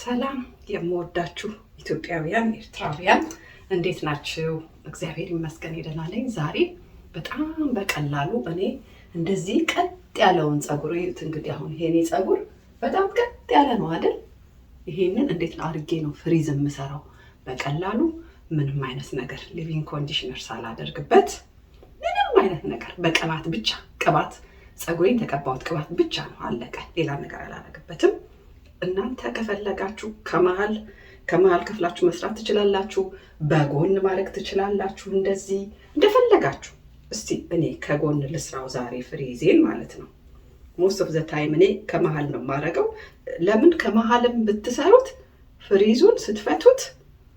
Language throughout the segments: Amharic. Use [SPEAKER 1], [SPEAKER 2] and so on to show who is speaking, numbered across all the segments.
[SPEAKER 1] ሰላም የምወዳችሁ ኢትዮጵያውያን ኤርትራውያን እንዴት ናችሁ? እግዚአብሔር ይመስገን ደህና ነኝ። ዛሬ በጣም በቀላሉ እኔ እንደዚህ ቀጥ ያለውን ፀጉር እዩት። እንግዲህ አሁን ይሄኔ ፀጉር በጣም ቀጥ ያለ ነው አይደል? ይሄንን እንዴት አድርጌ ነው ፍሪዝ የምሰራው? በቀላሉ ምንም አይነት ነገር ሊቪንግ ኮንዲሽነር ሳላደርግበት፣ ምንም አይነት ነገር በቅባት ብቻ ቅባት፣ ፀጉሬን ተቀባሁት ቅባት ብቻ ነው አለቀ። ሌላ ነገር አላደርግበትም። እናንተ ከፈለጋችሁ ከመሀል ከመሀል ክፍላችሁ መስራት ትችላላችሁ። በጎን ማድረግ ትችላላችሁ። እንደዚህ እንደፈለጋችሁ። እስቲ እኔ ከጎን ልስራው ዛሬ ፍሪዜን ማለት ነው። ሞስት ኦፍ ዘ ታይም እኔ ከመሀል ነው የማደርገው። ለምን ከመሀልም ብትሰሩት ፍሪዙን ስትፈቱት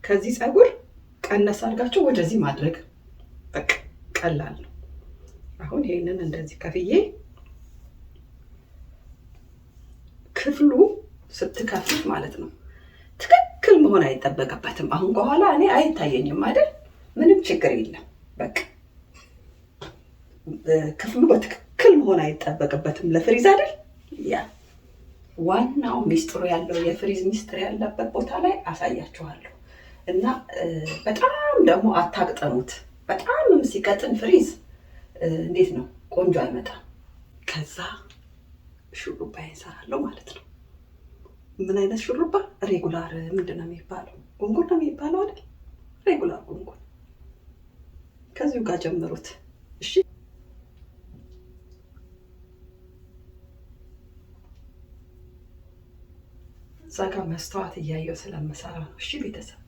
[SPEAKER 1] ከዚህ ፀጉር ቀነስ አድርጋችሁ ወደዚህ ማድረግ በቃ ቀላል ነው። አሁን ይሄንን እንደዚህ ከፍዬ ክፍሉ ስትከፍት ማለት ነው። ትክክል መሆን አይጠበቅበትም። አሁን ከኋላ እኔ አይታየኝም አይደል? ምንም ችግር የለም። በቃ ክፍሉ በትክክል መሆን አይጠበቅበትም። ለፍሪዝ አይደል? ያ ዋናው ሚስጥሩ ያለው የፍሪዝ ሚስጥር ያለበት ቦታ ላይ አሳያችኋለሁ። እና በጣም ደግሞ አታቅጠሙት። በጣምም ሲቀጥን ፍሪዝ እንዴት ነው ቆንጆ አይመጣም። ከዛ ሹሩባ ይሰራለሁ ማለት ነው። ምን አይነት ሹሩባ ሬጉላር ምንድን ነው የሚባለው? ጉንጉን ነው የሚባለው አይደል? ሬጉላር ጉንጉን ከዚሁ ጋር ጀምሩት። እሺ እዛ ጋር መስተዋት እያየው ስለምሰራ ነው። እሺ ቤተሰብ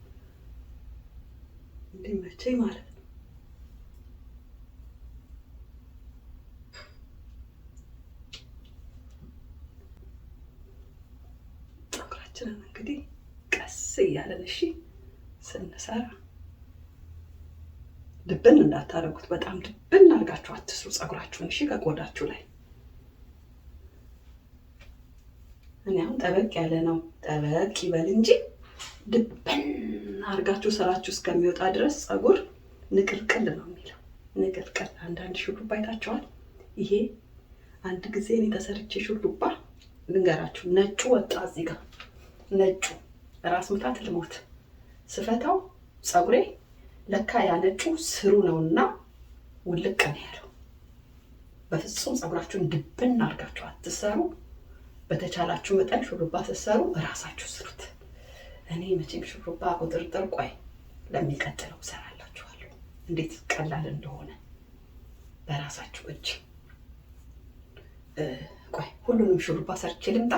[SPEAKER 1] እንዲመቼ ማለት ነው። እያለን እሺ ስንሰራ ድብን እንዳታደርጉት። በጣም ድብን አድርጋችሁ አትስሩ ፀጉራችሁን እሺ፣ ከቆዳችሁ ላይ እኔ አሁን ጠበቅ ያለ ነው ጠበቅ ይበል እንጂ ድብን አድርጋችሁ ስራችሁ እስከሚወጣ ድረስ ፀጉር ንቅልቅል ነው የሚለው ንቅልቅል። አንዳንድ ሹሩባ አይታችኋል። ይሄ አንድ ጊዜ እኔ ተሰርቼ ሹሩባ ልንገራችሁ፣ ነጩ ወጣ እዚህ ጋር ነጩ ራስ ምታት ልሞት። ስፈታው ፀጉሬ ለካ ያነጩ ስሩ ነውና ውልቅ ነው ያለው። በፍጹም ፀጉራችሁን ድብን አድርጋችሁ አትሰሩ። በተቻላችሁ መጠን ሹሩባ ስትሰሩ እራሳችሁ ስሩት። እኔ መቼም ሹሩባ ቁጥርጥር ቆይ ለሚቀጥለው እሰራላችኋለሁ እንዴት ቀላል እንደሆነ በራሳችሁ እጅ ቆይ ሁሉንም ሹሩባ ሰርቼ ልምጣ።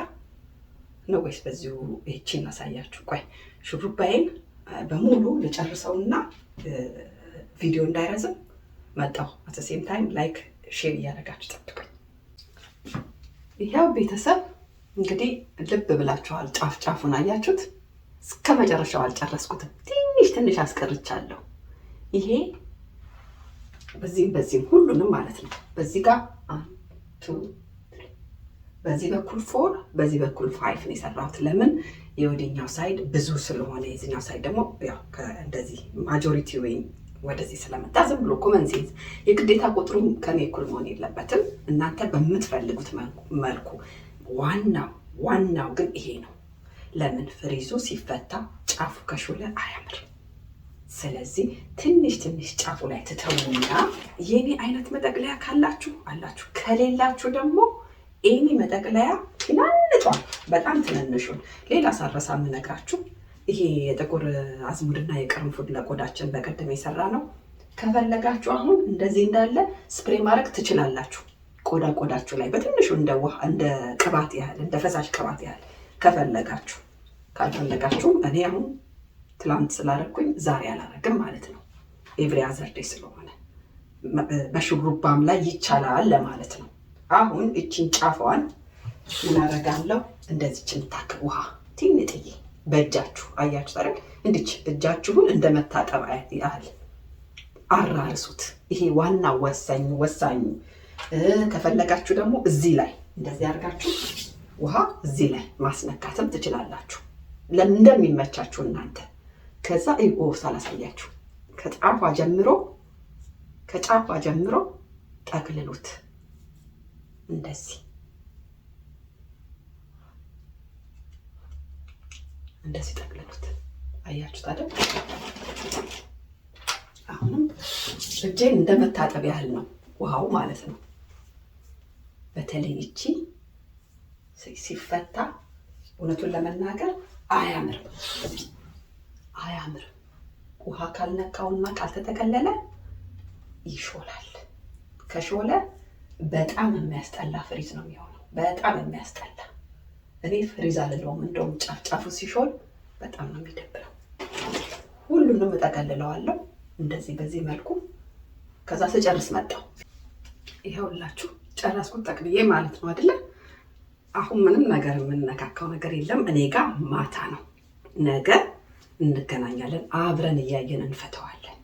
[SPEAKER 1] ነው ወይስ በዚሁ ይቺን አሳያችሁ? ቆይ ሹሩባዬን በሙሉ ልጨርሰውና ቪዲዮ እንዳይረዝም መጣሁ። አት ሴም ታይም ላይክ ሼር እያደረጋችሁ ጠብቁኝ። ይኸው ቤተሰብ እንግዲህ ልብ ብላችኋል። ጫፍ ጫፉን አያችሁት? እስከ መጨረሻው አልጨረስኩትም። ትንሽ ትንሽ አስቀርቻለሁ። ይሄ በዚህም በዚህም ሁሉንም ማለት ነው። በዚህ ጋር አንድ ቱ በዚህ በኩል ፎር በዚህ በኩል ፋይፍ ነው የሰራሁት። ለምን የወደኛው ሳይድ ብዙ ስለሆነ የዚኛው ሳይድ ደግሞ ያው እንደዚህ ማጆሪቲ ወይም ወደዚህ ስለመጣ ዝም ብሎ ኮመንሴንስ የግዴታ ቁጥሩም ከኔ እኩል መሆን የለበትም። እናንተ በምትፈልጉት መልኩ ዋናው ዋናው ግን ይሄ ነው። ለምን ፍሪዙ ሲፈታ ጫፉ ከሾለ አያምር። ስለዚህ ትንሽ ትንሽ ጫፉ ላይ ትተውና የኔ አይነት መጠቅለያ ካላችሁ አላችሁ፣ ከሌላችሁ ደግሞ ኤሚ መጠቅለያ ትናንጧል፣ በጣም ትንንሹን። ሌላ ሳረሳ የምነግራችሁ ይሄ የጥቁር አዝሙድና የቅርንፉድ ለቆዳችን በቅድም የሰራ ነው። ከፈለጋችሁ አሁን እንደዚህ እንዳለ ስፕሬ ማድረግ ትችላላችሁ። ቆዳ ቆዳችሁ ላይ በትንሹ እንደ ውሃ እንደ ቅባት ያህል እንደ ፈሳሽ ቅባት ያህል ከፈለጋችሁ። ካልፈለጋችሁም እኔ አሁን ትላንት ስላደረግኩኝ ዛሬ አላረግም ማለት ነው። ኤቭሪ አዘርዴ ስለሆነ በሹሩባም ላይ ይቻላል ለማለት ነው። አሁን እችን ጫፏን ምን አደርጋለሁ? እንደዚችን ታክል ውሃ ትንጥዬ በእጃችሁ አያችሁ ታዲያ እንድች እጃችሁን እንደ መታጠብ ያህል አራርሱት። ይሄ ዋና ወሳኝ ወሳኙ። ከፈለጋችሁ ደግሞ እዚህ ላይ እንደዚህ አድርጋችሁ ውሃ እዚህ ላይ ማስነካትም ትችላላችሁ፣ እንደሚመቻችሁ እናንተ። ከዛ ይቦስ አላሳያችሁ ከጫፏ ጀምሮ ከጫፏ ጀምሮ ጠቅልሉት። እንደዚህ እንደዚህ ጠቅልሉት። አያችሁት አይደል? አሁንም እጄን እንደመታጠብ ያህል ነው ውሃው ማለት ነው። በተለይ እቺ ሲፈታ እውነቱን ለመናገር አያምርም፣ አያምርም። ውሃ ካልነካውና ካልተጠቀለለ ይሾላል። ከሾለ በጣም የሚያስጠላ ፍሪዝ ነው የሚሆነው። በጣም የሚያስጠላ እኔ ፍሪዝ አልለውም። እንደውም ጫፍጫፉ ሲሾል በጣም ነው የሚደብረው። ሁሉንም እጠቀልለዋለሁ እንደዚህ በዚህ መልኩ። ከዛ ስጨርስ መጣው ይኸውላችሁ ጨረስኩት ጠቅልዬ ማለት ነው አይደለ? አሁን ምንም ነገር የምንነካካው ነገር የለም። እኔ ጋር ማታ ነው። ነገ እንገናኛለን፣ አብረን እያየን እንፈተዋለን።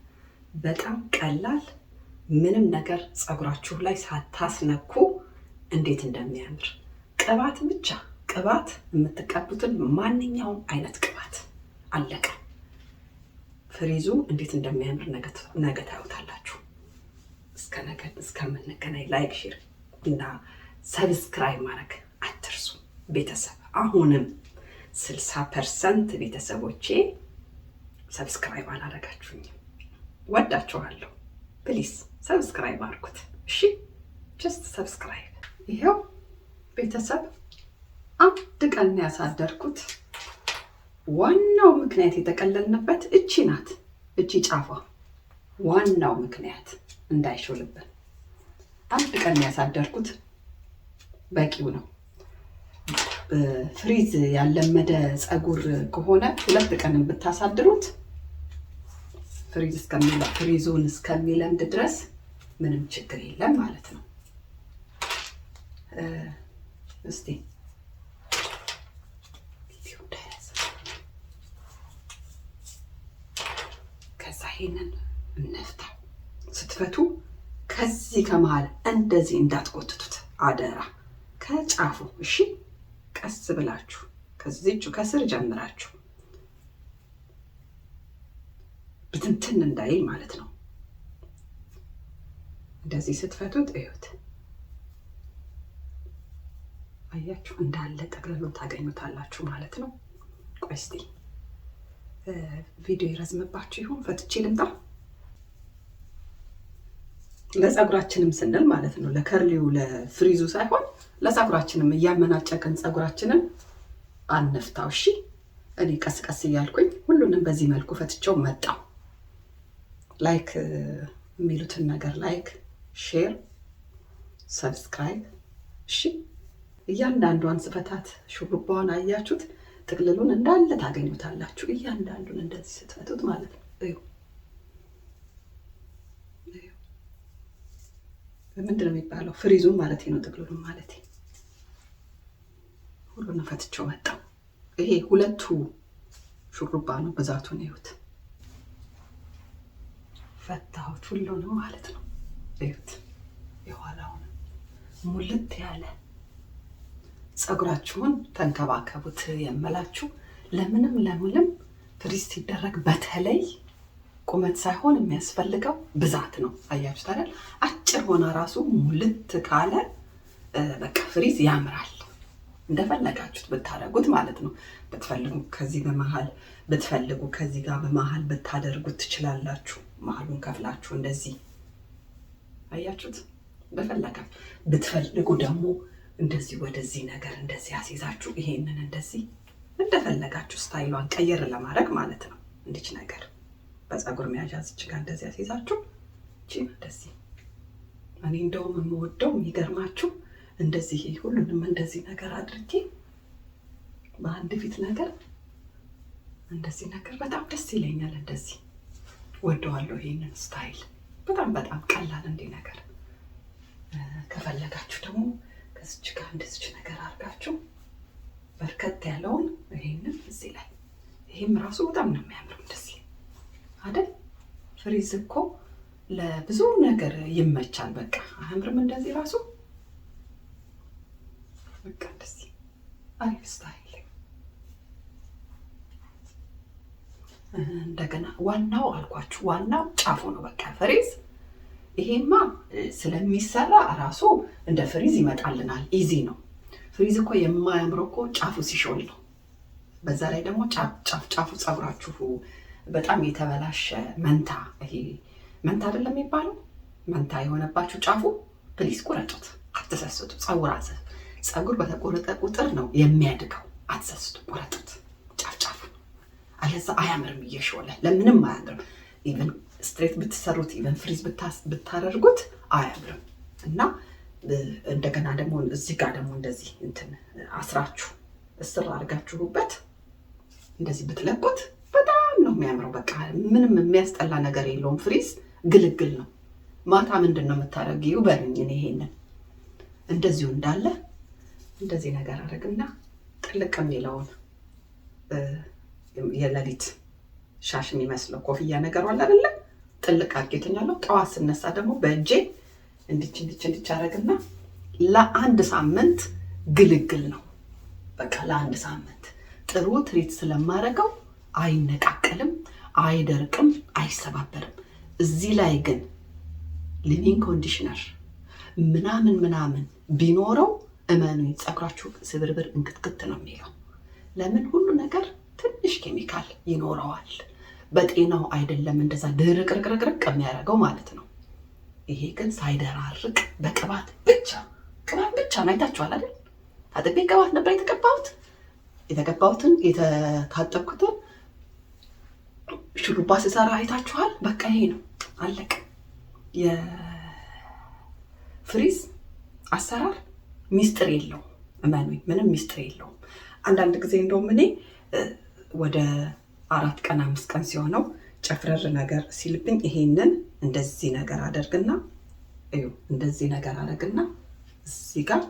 [SPEAKER 1] በጣም ቀላል ምንም ነገር ፀጉራችሁ ላይ ሳታስነኩ እንዴት እንደሚያምር ቅባት ብቻ ቅባት የምትቀቡትን ማንኛውም አይነት ቅባት አለቀ። ፍሪዙ እንዴት እንደሚያምር ነገ ታዩታላችሁ። እስከ ነገ እስከምንገናኝ ላይክ፣ ሼር እና ሰብስክራይብ ማድረግ አትርሱ። ቤተሰብ አሁንም ስልሳ ፐርሰንት ቤተሰቦቼ ሰብስክራይብ አላደረጋችሁኝም። ወዳችኋለሁ። ፕሊስ ሰብስክራይብ አድርጉት። እሺ ጀስት ሰብስክራይብ። ይሄው ቤተሰብ አንድ ቀን ያሳደርኩት ዋናው ምክንያት የጠቀለልንበት እቺ ናት። እቺ ጫፏ ዋናው ምክንያት እንዳይሾልብን አንድ ቀን ያሳደርኩት በቂው ነው። ፍሪዝ ያለመደ ፀጉር ከሆነ ሁለት ቀን ብታሳድሩት ፍሪዝ ፍሪዙን እስከሚለምድ ድረስ ምንም ችግር የለም ማለት ነው። እስቲ ከዛ ይሄንን ስትፈቱ ከዚህ ከመሃል እንደዚህ እንዳትቆትቱት አደራ፣ ከጫፉ እሺ። ቀስ ብላችሁ ከዚህቹ ከስር ጀምራችሁ ብትንትን እንዳይል ማለት ነው። እንደዚህ ስትፈቱት እዩት። አያችሁ እንዳለ ጠቅልሉን ታገኙታላችሁ ማለት ነው። ቆይ እስኪ ቪዲዮ ይረዝምባችሁ ይሁን ፈትቼ ልምጣ። ለፀጉራችንም ስንል ማለት ነው ለከርሊው ለፍሪዙ ሳይሆን ለፀጉራችንም እያመናጨቅን ፀጉራችንን አንፍታው። እሺ እኔ ቀስቀስ እያልኩኝ ሁሉንም በዚህ መልኩ ፈትቼው መጣው። ላይክ የሚሉትን ነገር ላይክ፣ ሼር፣ ሰብስክራይብ። እሺ እያንዳንዷን ስፈታት ሹሩባዋን አያችሁት? ጥቅልሉን እንዳለ ታገኙታላችሁ። እያንዳንዱን እንደዚህ ስትፈቱት ማለት ነው። እዩ ምንድን ነው የሚባለው? ፍሪዙን ማለት ነው። ጥቅልሉን ማለት ሁሉን ፈትቼው መጣው። ይሄ ሁለቱ ሹሩባ ነው። ብዛቱን ይዩት። ፈታሁት ሁሉንም ማለት ነው። እዩት፣ የኋላውን ሙልት ያለ ፀጉራችሁን ተንከባከቡት የምላችሁ ለምንም ለምንም ፍሪዝ ሲደረግ በተለይ ቁመት ሳይሆን የሚያስፈልገው ብዛት ነው። አያችሁ ታዲያ አጭር ሆና ራሱ ሙልት ካለ በቃ ፍሪዝ ያምራል። እንደፈለጋችሁት ብታደርጉት ማለት ነው። ብትፈልጉ ከዚህ በመሀል ብትፈልጉ ከዚህ ጋር በመሀል ብታደርጉት ትችላላችሁ። መሀሉን ከፍላችሁ እንደዚህ አያችሁት። በፈለጋ ብትፈልጉ ደግሞ እንደዚህ ወደዚህ ነገር እንደዚህ አስይዛችሁ ይሄንን እንደዚህ እንደፈለጋችሁ ስታይሏን ቀየር ለማድረግ ማለት ነው። እንዲች ነገር በፀጉር መያዣ ዝች ጋር እንደዚህ አስይዛችሁ እቺ እንደዚህ እኔ እንደውም የምወደው የሚገርማችሁ እንደዚህ ሁሉንም እንደዚህ ነገር አድርጌ በአንድ ፊት ነገር እንደዚህ ነገር በጣም ደስ ይለኛል እንደዚህ ወደዋለሁ። ይሄንን ስታይል በጣም በጣም ቀላል እንዲህ ነገር ከፈለጋችሁ ደግሞ ከዚች ጋር እንደዚች ነገር አድርጋችሁ በርከት ያለውን ይሄንን እዚህ ላይ ይህም ራሱ በጣም ነው የሚያምር እንደዚህ አይደል? ፍሪዝ እኮ ለብዙ ነገር ይመቻል። በቃ አያምርም? እንደዚህ ራሱ በቃ እንደዚህ አሪፍ ስታይል እንደገና ዋናው አልኳችሁ፣ ዋናው ጫፉ ነው። በቃ ፍሪዝ ይሄማ ስለሚሰራ ራሱ እንደ ፍሪዝ ይመጣልናል። ኢዚ ነው። ፍሪዝ እኮ የማያምረው እኮ ጫፉ ሲሾል ነው። በዛ ላይ ደግሞ ጫፍ ጫፉ ፀጉራችሁ በጣም የተበላሸ መንታ፣ ይሄ መንታ አይደለም የሚባለው መንታ የሆነባችሁ ጫፉ ፕሊዝ ቁረጡት። አትሰስቱ። ፀጉር አዘ ፀጉር በተቆረጠ ቁጥር ነው የሚያድገው። አትሰስቱ፣ ቁረጡት። አለዛ አያምርም፣ እየሾለ ለምንም አያምርም። ኢቨን ስትሬት ብትሰሩት ኢቨን ፍሪዝ ብታደርጉት አያምርም እና እንደገና ደግሞ እዚህ ጋር ደግሞ እንደዚህ እንትን አስራችሁ እስር አድርጋችሁበት እንደዚህ ብትለቁት በጣም ነው የሚያምረው። በቃ ምንም የሚያስጠላ ነገር የለውም። ፍሪዝ ግልግል ነው። ማታ ምንድን ነው የምታደርጊው በልኝ። ይሄንን እንደዚሁ እንዳለ እንደዚህ ነገር አደረግና ጥልቅ የሚለውን የሌሊት ሻሽ የሚመስለው ኮፍያ ነገር አለ አይደለ? ጥልቅ አድርጌ ጠዋት ስነሳ ደግሞ በእጄ እንዲች እንዲች እንዲች አደርግና ለአንድ ሳምንት ግልግል ነው። በቃ ለአንድ ሳምንት ጥሩ ትሪት ስለማደርገው አይነቃቀልም፣ አይደርቅም፣ አይሰባበርም። እዚህ ላይ ግን ሊቪንግ ኮንዲሽነር ምናምን ምናምን ቢኖረው እመኑ፣ ፀጉራችሁ ስብርብር እንክትክት ነው የሚለው። ለምን ሁሉ ነገር ትንሽ ኬሚካል ይኖረዋል። በጤናው አይደለም እንደዛ ድርቅርቅርቅርቅ የሚያደርገው ማለት ነው። ይሄ ግን ሳይደራርቅ በቅባት ብቻ ቅባት ብቻ ነው። አይታችኋል አይደል? ታጥቤ ቅባት ነበር የተቀባሁት። የተቀባሁትን የታጠብኩትን ሹሩባ ስሰራ አይታችኋል። በቃ ይሄ ነው አለቅ። የፍሪዝ አሰራር ሚስጥር የለውም። እመኑኝ፣ ምንም ሚስጥር የለውም። አንዳንድ ጊዜ እንደውም እኔ ወደ አራት ቀን አምስት ቀን ሲሆነው ጨፍረር ነገር ሲልብኝ ይሄንን እንደዚህ ነገር አደርግና እዩ እንደዚህ ነገር አደርግና እዚህ ጋር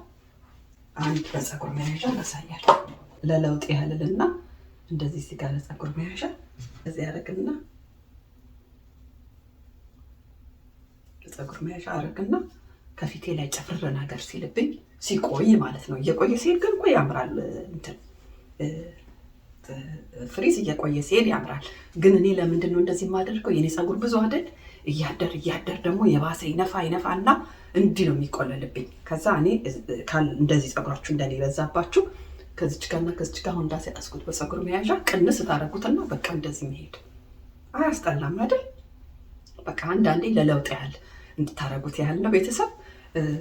[SPEAKER 1] አንድ በፀጉር መያዣ ያሳያል። ለለውጥ ያህልልና እንደዚህ እዚህ ጋር ለፀጉር መያዣ እዚህ አደርግና ለፀጉር መያዣ አደርግና ከፊቴ ላይ ጨፍር ነገር ሲልብኝ ሲቆይ ማለት ነው። እየቆየ ሲሄድ ግን እኮ ያምራል እንትን ፍሪዝ እየቆየ ሲሄድ ያምራል። ግን እኔ ለምንድን ነው እንደዚህ የማደርገው? የኔ ፀጉር ብዙ አይደል? እያደር እያደር ደግሞ የባሰ ይነፋ ይነፋ እና እንዲህ ነው የሚቆለልብኝ። ከዛ እኔ እንደዚህ ፀጉራችሁ እንደኔ የበዛባችሁ ከዚች ጋርና ከዚች ጋር አሁን እንዳስያዝኩት በፀጉር መያዣ ቅንስ ታደረጉትና በቃ እንደዚህ መሄድ አያስጠላም አይደል? በቃ አንዳንዴ ለለውጥ ያህል እንድታደረጉት ያህል ነው። ቤተሰብ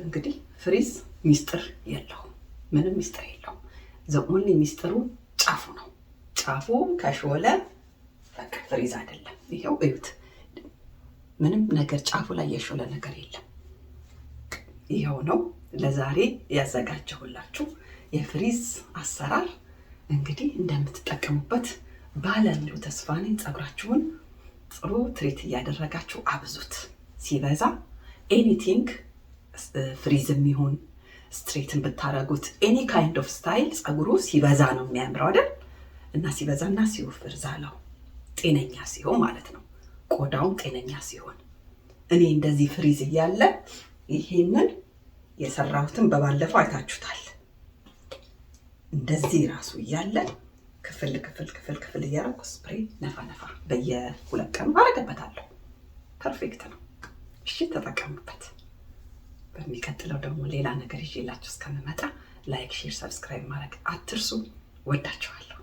[SPEAKER 1] እንግዲህ ፍሪዝ ሚስጥር የለውም፣ ምንም ሚስጥር የለውም። ዘሙን ሚስጥሩ ጫፉ ነው። ጫፉ ከሾለ በቃ ፍሪዝ አይደለም። ይኸው እዩት፣ ምንም ነገር ጫፉ ላይ የሾለ ነገር የለም። ይኸው ነው ለዛሬ ያዘጋጀሁላችሁ የፍሪዝ አሰራር። እንግዲህ እንደምትጠቀሙበት ባለሙሉ ተስፋ ነኝ። ፀጉራችሁን ጥሩ ትሪት እያደረጋችሁ አብዙት። ሲበዛ ኤኒቲንግ ፍሪዝም ይሁን ስትሬትን ብታረጉት ኤኒ ካይንድ ኦፍ ስታይል ፀጉሩ ሲበዛ ነው የሚያምረው አይደል? እና ሲበዛና ሲወፍር ዛላው ጤነኛ ሲሆን ማለት ነው። ቆዳውም ጤነኛ ሲሆን እኔ እንደዚህ ፍሪዝ እያለ ይሄንን የሰራሁትን በባለፈው አይታችሁታል። እንደዚህ ራሱ እያለ ክፍል ክፍል ክፍል ክፍል እያደረኩ ስፕሬ ነፋ ነፋ በየሁለት ቀኑ አደርግበታለሁ። ፐርፌክት ነው። እሺ ተጠቀሙበት። በሚቀጥለው ደግሞ ሌላ ነገር ይዤላችሁ እስከምመጣ ላይክ፣ ሼር፣ ሰብስክራይብ ማድረግ አትርሱ። ወዳችኋለሁ።